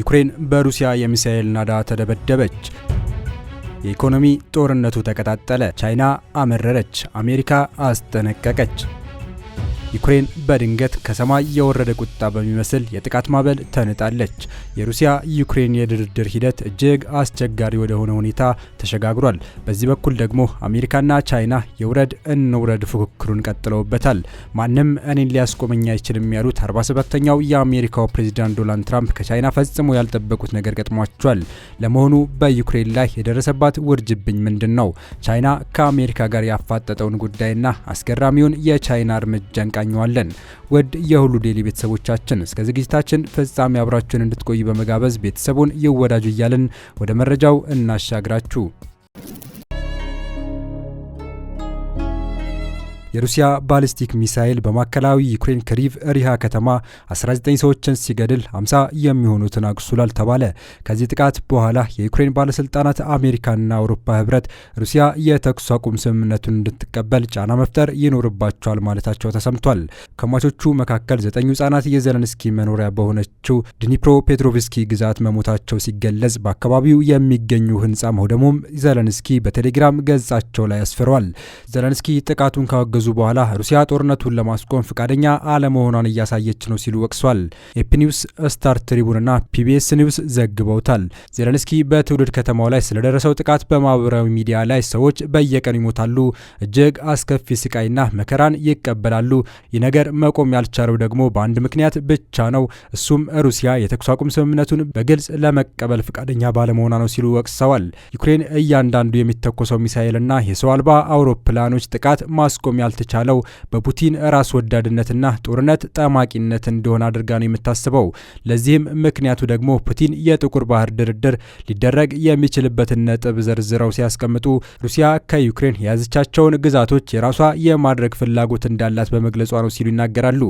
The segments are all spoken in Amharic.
ዩክሬን በሩሲያ የሚሳኤል ናዳ ተደበደበች። የኢኮኖሚ ጦርነቱ ተቀጣጠለ። ቻይና አመረረች። አሜሪካ አስጠነቀቀች። ዩክሬን በድንገት ከሰማይ የወረደ ቁጣ በሚመስል የጥቃት ማዕበል ተንጣለች። የሩሲያ ዩክሬን የድርድር ሂደት እጅግ አስቸጋሪ ወደሆነ ሁኔታ ተሸጋግሯል። በዚህ በኩል ደግሞ አሜሪካና ቻይና የውረድ እንውረድ ፉክክሩን ቀጥለውበታል። ማንም እኔን ሊያስቆመኝ አይችልም ያሉት 47 ተኛው የአሜሪካው ፕሬዚዳንት ዶናልድ ትራምፕ ከቻይና ፈጽሞ ያልጠበቁት ነገር ገጥሟቸዋል። ለመሆኑ በዩክሬን ላይ የደረሰባት ውርጅብኝ ምንድን ነው? ቻይና ከአሜሪካ ጋር ያፋጠጠውን ጉዳይና አስገራሚውን የቻይና እርምጃ ። እንቃኘዋለን። ውድ የሁሉ ዴይሊ ቤተሰቦቻችን እስከ ዝግጅታችን ፍጻሜ አብራችሁን እንድትቆዩ በመጋበዝ ቤተሰቡን ይወዳጁ እያልን ወደ መረጃው እናሻግራችሁ። የሩሲያ ባሊስቲክ ሚሳይል በማዕከላዊ ዩክሬን ክሪቭ ሪሃ ከተማ 19 ሰዎችን ሲገድል 50 የሚሆኑትን አቁስሏል ተባለ። ከዚህ ጥቃት በኋላ የዩክሬን ባለስልጣናት አሜሪካና አውሮፓ ህብረት ሩሲያ የተኩስ አቁም ስምምነቱን እንድትቀበል ጫና መፍጠር ይኖርባቸዋል ማለታቸው ተሰምቷል። ከሟቾቹ መካከል ዘጠኙ ህጻናት የዘለንስኪ መኖሪያ በሆነችው ድኒፕሮ ፔትሮቭስኪ ግዛት መሞታቸው ሲገለጽ በአካባቢው የሚገኙ ህንፃ መውደሙም ዘለንስኪ በቴሌግራም ገጻቸው ላይ አስፍረዋል። ዘለንስኪ ጥቃቱን ካወገዙ ከተጓዙ በኋላ ሩሲያ ጦርነቱን ለማስቆም ፈቃደኛ አለመሆኗን እያሳየች ነው ሲሉ ወቅሷል። ኒውስ፣ ስታር ትሪቡንና ፒቢኤስ ኒውስ ዘግበውታል። ዜለንስኪ በትውልድ ከተማው ላይ ስለደረሰው ጥቃት በማህበራዊ ሚዲያ ላይ ሰዎች በየቀኑ ይሞታሉ፣ እጅግ አስከፊ ስቃይና መከራን ይቀበላሉ። ይህ ነገር መቆም ያልቻለው ደግሞ በአንድ ምክንያት ብቻ ነው፣ እሱም ሩሲያ የተኩስ አቁም ስምምነቱን በግልጽ ለመቀበል ፈቃደኛ ባለመሆኗ ነው ሲሉ ወቅሰዋል። ዩክሬን እያንዳንዱ የሚተኮሰው ሚሳኤልና የሰው አልባ አውሮፕላኖች ጥቃት ማስቆም ያል ያልተቻለው በፑቲን ራስ ወዳድነትና ጦርነት ጠማቂነት እንደሆነ አድርጋ ነው የምታስበው። ለዚህም ምክንያቱ ደግሞ ፑቲን የጥቁር ባህር ድርድር ሊደረግ የሚችልበትን ነጥብ ዘርዝረው ሲያስቀምጡ ሩሲያ ከዩክሬን የያዘቻቸውን ግዛቶች የራሷ የማድረግ ፍላጎት እንዳላት በመግለጿ ነው ሲሉ ይናገራሉ።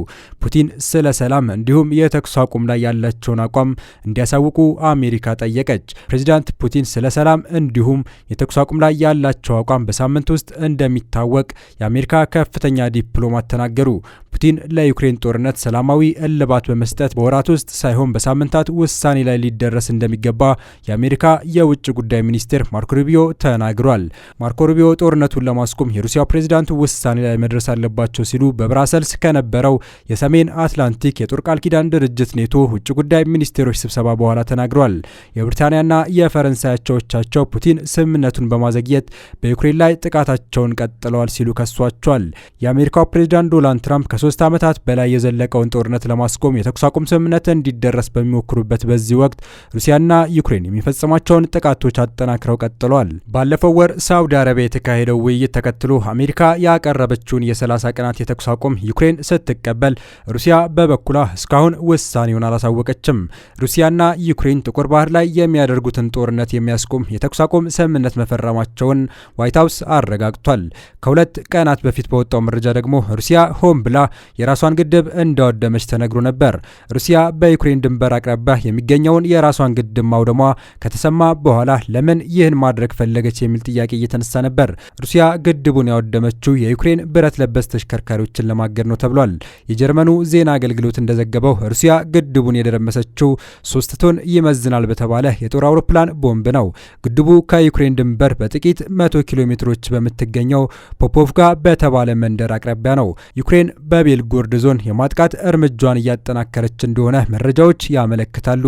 ፑቲን ስለ ሰላም እንዲሁም የተኩስ አቁም ላይ ያላቸውን አቋም እንዲያሳውቁ አሜሪካ ጠየቀች። ፕሬዚዳንት ፑቲን ስለ ሰላም እንዲሁም የተኩስ አቁም ላይ ያላቸው አቋም በሳምንት ውስጥ እንደሚታወቅ የአሜሪካ ከፍተኛ ዲፕሎማት ተናገሩ። ፑቲን ለዩክሬን ጦርነት ሰላማዊ እልባት በመስጠት በወራት ውስጥ ሳይሆን በሳምንታት ውሳኔ ላይ ሊደረስ እንደሚገባ የአሜሪካ የውጭ ጉዳይ ሚኒስቴር ማርኮ ሩቢዮ ተናግሯል። ማርኮ ሩቢዮ ጦርነቱን ለማስቆም የሩሲያው ፕሬዚዳንት ውሳኔ ላይ መድረስ አለባቸው ሲሉ በብራሰልስ ከነበረው የሰሜን አትላንቲክ የጦር ቃል ኪዳን ድርጅት ኔቶ ውጭ ጉዳይ ሚኒስቴሮች ስብሰባ በኋላ ተናግሯል። የብሪታንያና የፈረንሳይ አቻዎቻቸው ፑቲን ስምምነቱን በማዘግየት በዩክሬን ላይ ጥቃታቸውን ቀጥለዋል ሲሉ ከሷቸዋል። የአሜሪካው ፕሬዚዳንት ዶናልድ ትራምፕ ከሶስት ዓመታት በላይ የዘለቀውን ጦርነት ለማስቆም የተኩስ አቁም ስምምነት እንዲደረስ በሚሞክሩበት በዚህ ወቅት ሩሲያና ዩክሬን የሚፈጽሟቸውን ጥቃቶች አጠናክረው ቀጥለዋል። ባለፈው ወር ሳውዲ አረቢያ የተካሄደው ውይይት ተከትሎ አሜሪካ ያቀረበችውን የ30 ቀናት የተኩስ አቁም ዩክሬን ስትቀበል፣ ሩሲያ በበኩሏ እስካሁን ውሳኔውን አላሳወቀችም። ሩሲያና ዩክሬን ጥቁር ባህር ላይ የሚያደርጉትን ጦርነት የሚያስቆም የተኩስ አቁም ስምምነት መፈረማቸውን ዋይት ሀውስ አረጋግጧል። ከሁለት ቀናት በፊት በወጣው መረጃ ደግሞ ሩሲያ ሆን ብላ የራሷን ግድብ እንዳወደመች ተነግሮ ነበር። ሩሲያ በዩክሬን ድንበር አቅራቢያ የሚገኘውን የራሷን ግድብ ማውደሟ ከተሰማ በኋላ ለምን ይህን ማድረግ ፈለገች የሚል ጥያቄ እየተነሳ ነበር። ሩሲያ ግድቡን ያወደመችው የዩክሬን ብረት ለበስ ተሽከርካሪዎችን ለማገድ ነው ተብሏል። የጀርመኑ ዜና አገልግሎት እንደዘገበው ሩሲያ ግድቡን የደረመሰችው ሶስት ቶን ይመዝናል በተባለ የጦር አውሮፕላን ቦምብ ነው። ግድቡ ከዩክሬን ድንበር በጥቂት መቶ ኪሎ ሜትሮች በምትገኘው ፖፖቭካ በተባለ መንደር አቅራቢያ ነው። ዩክሬን በ በቤልጎርድ ዞን የማጥቃት እርምጃዋን እያጠናከረች እንደሆነ መረጃዎች ያመለክታሉ።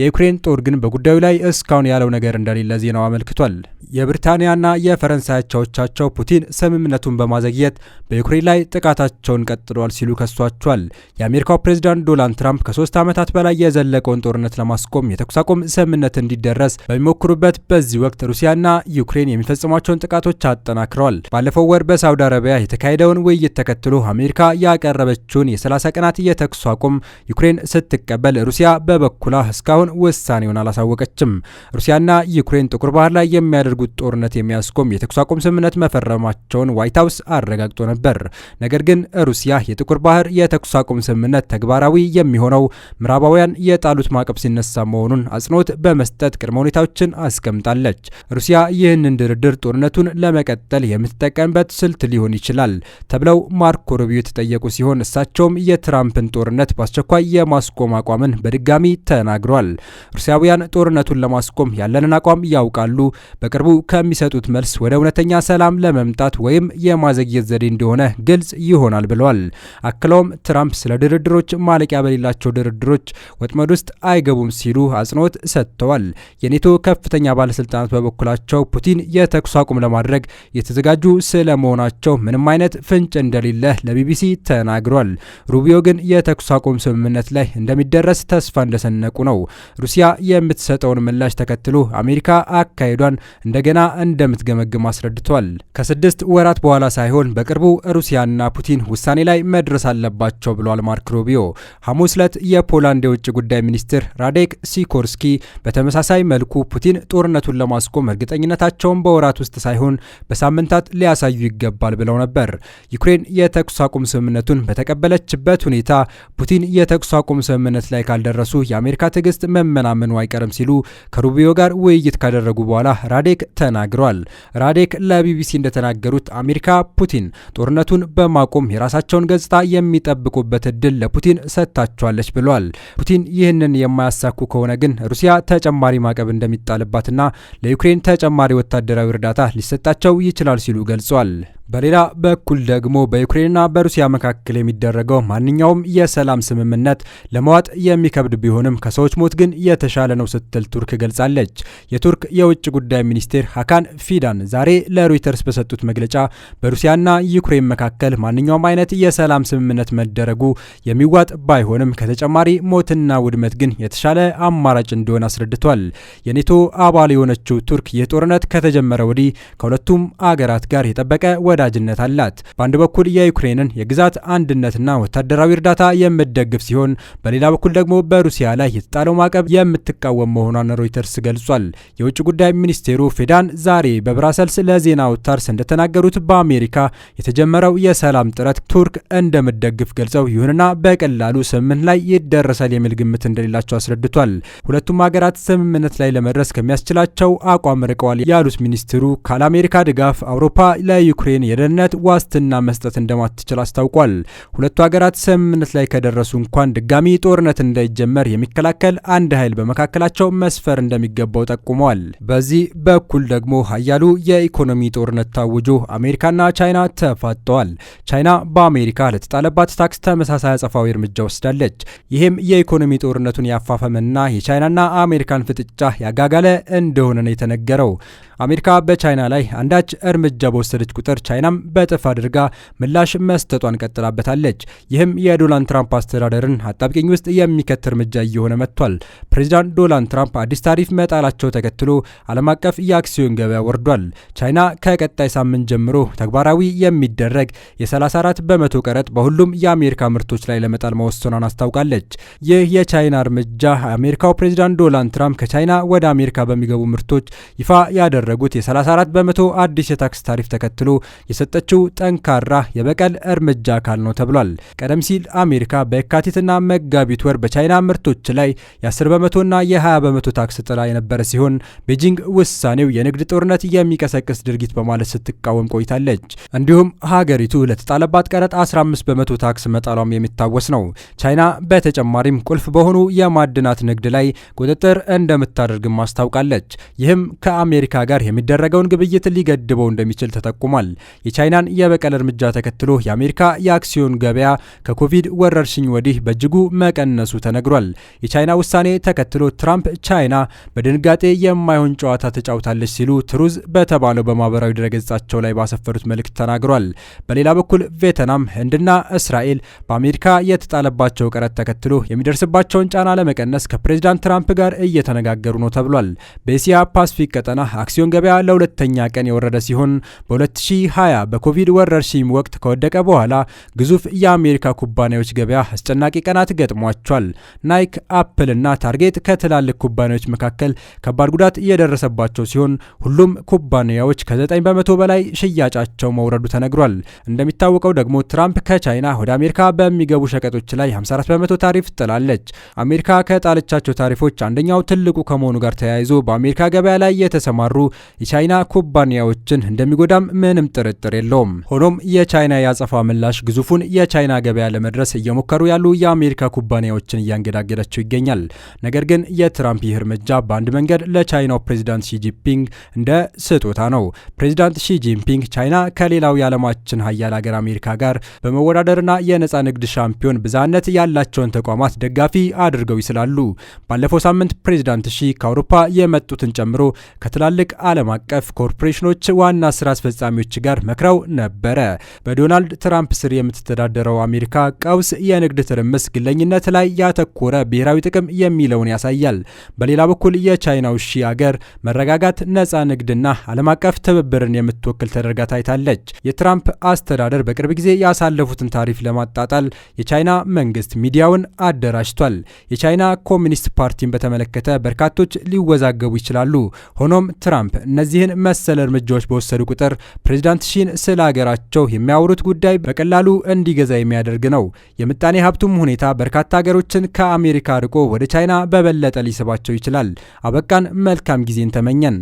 የዩክሬን ጦር ግን በጉዳዩ ላይ እስካሁን ያለው ነገር እንደሌለ ዜናው አመልክቷል። የብሪታንያና የፈረንሳይ አቻዎቻቸው ፑቲን ስምምነቱን በማዘግየት በዩክሬን ላይ ጥቃታቸውን ቀጥለዋል ሲሉ ከሷቸዋል። የአሜሪካው ፕሬዚዳንት ዶናልድ ትራምፕ ከሶስት ዓመታት በላይ የዘለቀውን ጦርነት ለማስቆም የተኩስ አቁም ስምምነት እንዲደረስ በሚሞክሩበት በዚህ ወቅት ሩሲያና ዩክሬን የሚፈጽሟቸውን ጥቃቶች አጠናክረዋል። ባለፈው ወር በሳውዲ አረቢያ የተካሄደውን ውይይት ተከትሎ አሜሪካ ያቀረበችውን የ30 ቀናት የተኩስ አቁም ዩክሬን ስትቀበል ሩሲያ በበኩላ እስካሁን እስካሁን ውሳኔውን አላሳወቀችም። ሩሲያና ዩክሬን ጥቁር ባህር ላይ የሚያደርጉት ጦርነት የሚያስቆም የተኩስ አቁም ስምምነት መፈረማቸውን ዋይት ሀውስ አረጋግጦ ነበር። ነገር ግን ሩሲያ የጥቁር ባህር የተኩስ አቁም ስምምነት ተግባራዊ የሚሆነው ምዕራባውያን የጣሉት ማዕቀብ ሲነሳ መሆኑን አጽንኦት በመስጠት ቅድመ ሁኔታዎችን አስቀምጣለች። ሩሲያ ይህንን ድርድር ጦርነቱን ለመቀጠል የምትጠቀምበት ስልት ሊሆን ይችላል ተብለው ማርኮ ሩቢዮ የተጠየቁ ሲሆን እሳቸውም የትራምፕን ጦርነት በአስቸኳይ የማስቆም አቋምን በድጋሚ ተናግሯል። ተናግረዋል። ሩሲያውያን ጦርነቱን ለማስቆም ያለንን አቋም ያውቃሉ። በቅርቡ ከሚሰጡት መልስ ወደ እውነተኛ ሰላም ለመምጣት ወይም የማዘግየት ዘዴ እንደሆነ ግልጽ ይሆናል ብለዋል። አክለውም ትራምፕ ስለ ድርድሮች ማለቂያ በሌላቸው ድርድሮች ወጥመድ ውስጥ አይገቡም ሲሉ አጽንኦት ሰጥተዋል። የኔቶ ከፍተኛ ባለስልጣናት በበኩላቸው ፑቲን የተኩስ አቁም ለማድረግ የተዘጋጁ ስለመሆናቸው ምንም አይነት ፍንጭ እንደሌለ ለቢቢሲ ተናግሯል። ሩቢዮ ግን የተኩስ አቁም ስምምነት ላይ እንደሚደረስ ተስፋ እንደሰነቁ ነው። ሩሲያ የምትሰጠውን ምላሽ ተከትሎ አሜሪካ አካሄዷን እንደገና እንደምትገመግም አስረድቷል። ከስድስት ወራት በኋላ ሳይሆን በቅርቡ ሩሲያና ፑቲን ውሳኔ ላይ መድረስ አለባቸው ብሏል ማርክ ሩቢዮ። ሐሙስ ዕለት የፖላንድ የውጭ ጉዳይ ሚኒስትር ራዴክ ሲኮርስኪ በተመሳሳይ መልኩ ፑቲን ጦርነቱን ለማስቆም እርግጠኝነታቸውን በወራት ውስጥ ሳይሆን በሳምንታት ሊያሳዩ ይገባል ብለው ነበር። ዩክሬን የተኩስ አቁም ስምምነቱን በተቀበለችበት ሁኔታ ፑቲን የተኩስ አቁም ስምምነት ላይ ካልደረሱ የአሜሪካ ትዕግስት መመናመኑ አይቀርም ሲሉ ከሩቢዮ ጋር ውይይት ካደረጉ በኋላ ራዴክ ተናግረዋል። ራዴክ ለቢቢሲ እንደተናገሩት አሜሪካ ፑቲን ጦርነቱን በማቆም የራሳቸውን ገጽታ የሚጠብቁበት እድል ለፑቲን ሰጥታቸዋለች ብለዋል። ፑቲን ይህንን የማያሳኩ ከሆነ ግን ሩሲያ ተጨማሪ ማዕቀብ እንደሚጣልባትና ለዩክሬን ተጨማሪ ወታደራዊ እርዳታ ሊሰጣቸው ይችላል ሲሉ ገልጿል። በሌላ በኩል ደግሞ በዩክሬንና በሩሲያ መካከል የሚደረገው ማንኛውም የሰላም ስምምነት ለመዋጥ የሚከብድ ቢሆንም ከሰዎች ሞት ግን የተሻለ ነው ስትል ቱርክ ገልጻለች። የቱርክ የውጭ ጉዳይ ሚኒስቴር ሀካን ፊዳን ዛሬ ለሮይተርስ በሰጡት መግለጫ በሩሲያና ዩክሬን መካከል ማንኛውም አይነት የሰላም ስምምነት መደረጉ የሚዋጥ ባይሆንም ከተጨማሪ ሞትና ውድመት ግን የተሻለ አማራጭ እንደሆነ አስረድቷል። የኔቶ አባል የሆነችው ቱርክ የጦርነት ከተጀመረ ወዲህ ከሁለቱም አገራት ጋር የጠበቀ ወዳጅነት አላት። በአንድ በኩል የዩክሬንን የግዛት አንድነትና ወታደራዊ እርዳታ የምትደግፍ ሲሆን በሌላ በኩል ደግሞ በሩሲያ ላይ የተጣለው ማዕቀብ የምትቃወም መሆኗን ሮይተርስ ገልጿል። የውጭ ጉዳይ ሚኒስቴሩ ፌዳን ዛሬ በብራሰልስ ለዜና አውታርስ እንደተናገሩት በአሜሪካ የተጀመረው የሰላም ጥረት ቱርክ እንደምትደግፍ ገልጸው ይሁንና በቀላሉ ስምምነት ላይ ይደረሳል የሚል ግምት እንደሌላቸው አስረድቷል። ሁለቱም ሀገራት ስምምነት ላይ ለመድረስ ከሚያስችላቸው አቋም ርቀዋል ያሉት ሚኒስትሩ ካለአሜሪካ ድጋፍ አውሮፓ ለዩክሬን ሀገራችን የደህንነት ዋስትና መስጠት እንደማትችል አስታውቋል። ሁለቱ ሀገራት ስምምነት ላይ ከደረሱ እንኳን ድጋሚ ጦርነት እንዳይጀመር የሚከላከል አንድ ኃይል በመካከላቸው መስፈር እንደሚገባው ጠቁመዋል። በዚህ በኩል ደግሞ ሀያሉ የኢኮኖሚ ጦርነት ታውጆ አሜሪካና ቻይና ተፋጠዋል። ቻይና በአሜሪካ ለተጣለባት ታክስ ተመሳሳይ አጸፋዊ እርምጃ ወስዳለች። ይህም የኢኮኖሚ ጦርነቱን ያፋፈመና የቻይናና አሜሪካን ፍጥጫ ያጋጋለ እንደሆነ ነው የተነገረው። አሜሪካ በቻይና ላይ አንዳች እርምጃ በወሰደች ቁጥር ቻይናም በጥፍ አድርጋ ምላሽ መስጠቷን ቀጥላበታለች። ይህም የዶናልድ ትራምፕ አስተዳደርን አጣብቂኝ ውስጥ የሚከት እርምጃ እየሆነ መጥቷል። ፕሬዚዳንት ዶናልድ ትራምፕ አዲስ ታሪፍ መጣላቸው ተከትሎ ዓለም አቀፍ የአክሲዮን ገበያ ወርዷል። ቻይና ከቀጣይ ሳምንት ጀምሮ ተግባራዊ የሚደረግ የ34 በመቶ ቀረጥ በሁሉም የአሜሪካ ምርቶች ላይ ለመጣል መወሰኗን አስታውቃለች። ይህ የቻይና እርምጃ አሜሪካው ፕሬዚዳንት ዶናልድ ትራምፕ ከቻይና ወደ አሜሪካ በሚገቡ ምርቶች ይፋ ያደረ ያደረጉት የ34 በመቶ አዲስ የታክስ ታሪፍ ተከትሎ የሰጠችው ጠንካራ የበቀል እርምጃ አካል ነው ተብሏል። ቀደም ሲል አሜሪካ በየካቲትና መጋቢት ወር በቻይና ምርቶች ላይ የ10 በመቶና የ20 በመቶ ታክስ ጥላ የነበረ ሲሆን ቤጂንግ ውሳኔው የንግድ ጦርነት የሚቀሰቅስ ድርጊት በማለት ስትቃወም ቆይታለች። እንዲሁም ሀገሪቱ ለተጣለባት ቀረጥ 15 በመቶ ታክስ መጣሏም የሚታወስ ነው። ቻይና በተጨማሪም ቁልፍ በሆኑ የማዕድናት ንግድ ላይ ቁጥጥር እንደምታደርግም አስታውቃለች። ይህም ከአሜሪካ ጋር ጋር የሚደረገውን ግብይት ሊገድበው እንደሚችል ተጠቁሟል። የቻይናን የበቀል እርምጃ ተከትሎ የአሜሪካ የአክሲዮን ገበያ ከኮቪድ ወረርሽኝ ወዲህ በእጅጉ መቀነሱ ተነግሯል። የቻይና ውሳኔ ተከትሎ ትራምፕ ቻይና በድንጋጤ የማይሆን ጨዋታ ተጫውታለች ሲሉ ትሩዝ በተባለው በማህበራዊ ድረገጻቸው ላይ ባሰፈሩት መልእክት ተናግሯል። በሌላ በኩል ቬትናም፣ ህንድና እስራኤል በአሜሪካ የተጣለባቸው ቀረጥ ተከትሎ የሚደርስባቸውን ጫና ለመቀነስ ከፕሬዚዳንት ትራምፕ ጋር እየተነጋገሩ ነው ተብሏል። በእስያ ፓስፊክ ቀጠና አክሲዮን የአክሲዮን ገበያ ለሁለተኛ ቀን የወረደ ሲሆን በ2020 በኮቪድ ወረርሽኝ ወቅት ከወደቀ በኋላ ግዙፍ የአሜሪካ ኩባንያዎች ገበያ አስጨናቂ ቀናት ገጥሟቸዋል። ናይክ፣ አፕል እና ታርጌት ከትላልቅ ኩባንያዎች መካከል ከባድ ጉዳት የደረሰባቸው ሲሆን ሁሉም ኩባንያዎች ከ9 በመቶ በላይ ሽያጫቸው መውረዱ ተነግሯል። እንደሚታወቀው ደግሞ ትራምፕ ከቻይና ወደ አሜሪካ በሚገቡ ሸቀጦች ላይ 54 በመቶ ታሪፍ ጥላለች። አሜሪካ ከጣለቻቸው ታሪፎች አንደኛው ትልቁ ከመሆኑ ጋር ተያይዞ በአሜሪካ ገበያ ላይ የተሰማሩ የቻይና ኩባንያዎችን እንደሚጎዳም ምንም ጥርጥር የለውም። ሆኖም የቻይና የአጸፋ ምላሽ ግዙፉን የቻይና ገበያ ለመድረስ እየሞከሩ ያሉ የአሜሪካ ኩባንያዎችን እያንገዳገዳቸው ይገኛል። ነገር ግን የትራምፕ ይህ እርምጃ በአንድ መንገድ ለቻይናው ፕሬዚዳንት ሺጂንፒንግ እንደ ስጦታ ነው። ፕሬዚዳንት ሺጂንፒንግ ቻይና ከሌላው የዓለማችን ሀያል ሀገር አሜሪካ ጋር በመወዳደርና የነፃ ንግድ ሻምፒዮን ብዝሃነት ያላቸውን ተቋማት ደጋፊ አድርገው ይስላሉ። ባለፈው ሳምንት ፕሬዚዳንት ሺ ከአውሮፓ የመጡትን ጨምሮ ከትላልቅ ዓለም አቀፍ ኮርፖሬሽኖች ዋና ስራ አስፈጻሚዎች ጋር መክረው ነበረ። በዶናልድ ትራምፕ ስር የምትተዳደረው አሜሪካ ቀውስ፣ የንግድ ትርምስ፣ ግለኝነት ላይ ያተኮረ ብሔራዊ ጥቅም የሚለውን ያሳያል። በሌላ በኩል የቻይናው ሺ አገር መረጋጋት፣ ነፃ ንግድና ዓለም አቀፍ ትብብርን የምትወክል ተደርጋ ታይታለች። የትራምፕ አስተዳደር በቅርብ ጊዜ ያሳለፉትን ታሪፍ ለማጣጣል የቻይና መንግስት ሚዲያውን አደራጅቷል። የቻይና ኮሚኒስት ፓርቲን በተመለከተ በርካቶች ሊወዛገቡ ይችላሉ። ሆኖም ትራምፕ ትራምፕ እነዚህን መሰል እርምጃዎች በወሰዱ ቁጥር ፕሬዚዳንት ሺን ስለ ሀገራቸው የሚያወሩት ጉዳይ በቀላሉ እንዲገዛ የሚያደርግ ነው። የምጣኔ ሀብቱም ሁኔታ በርካታ ሀገሮችን ከአሜሪካ ርቆ ወደ ቻይና በበለጠ ሊስባቸው ይችላል። አበቃን። መልካም ጊዜን ተመኘን።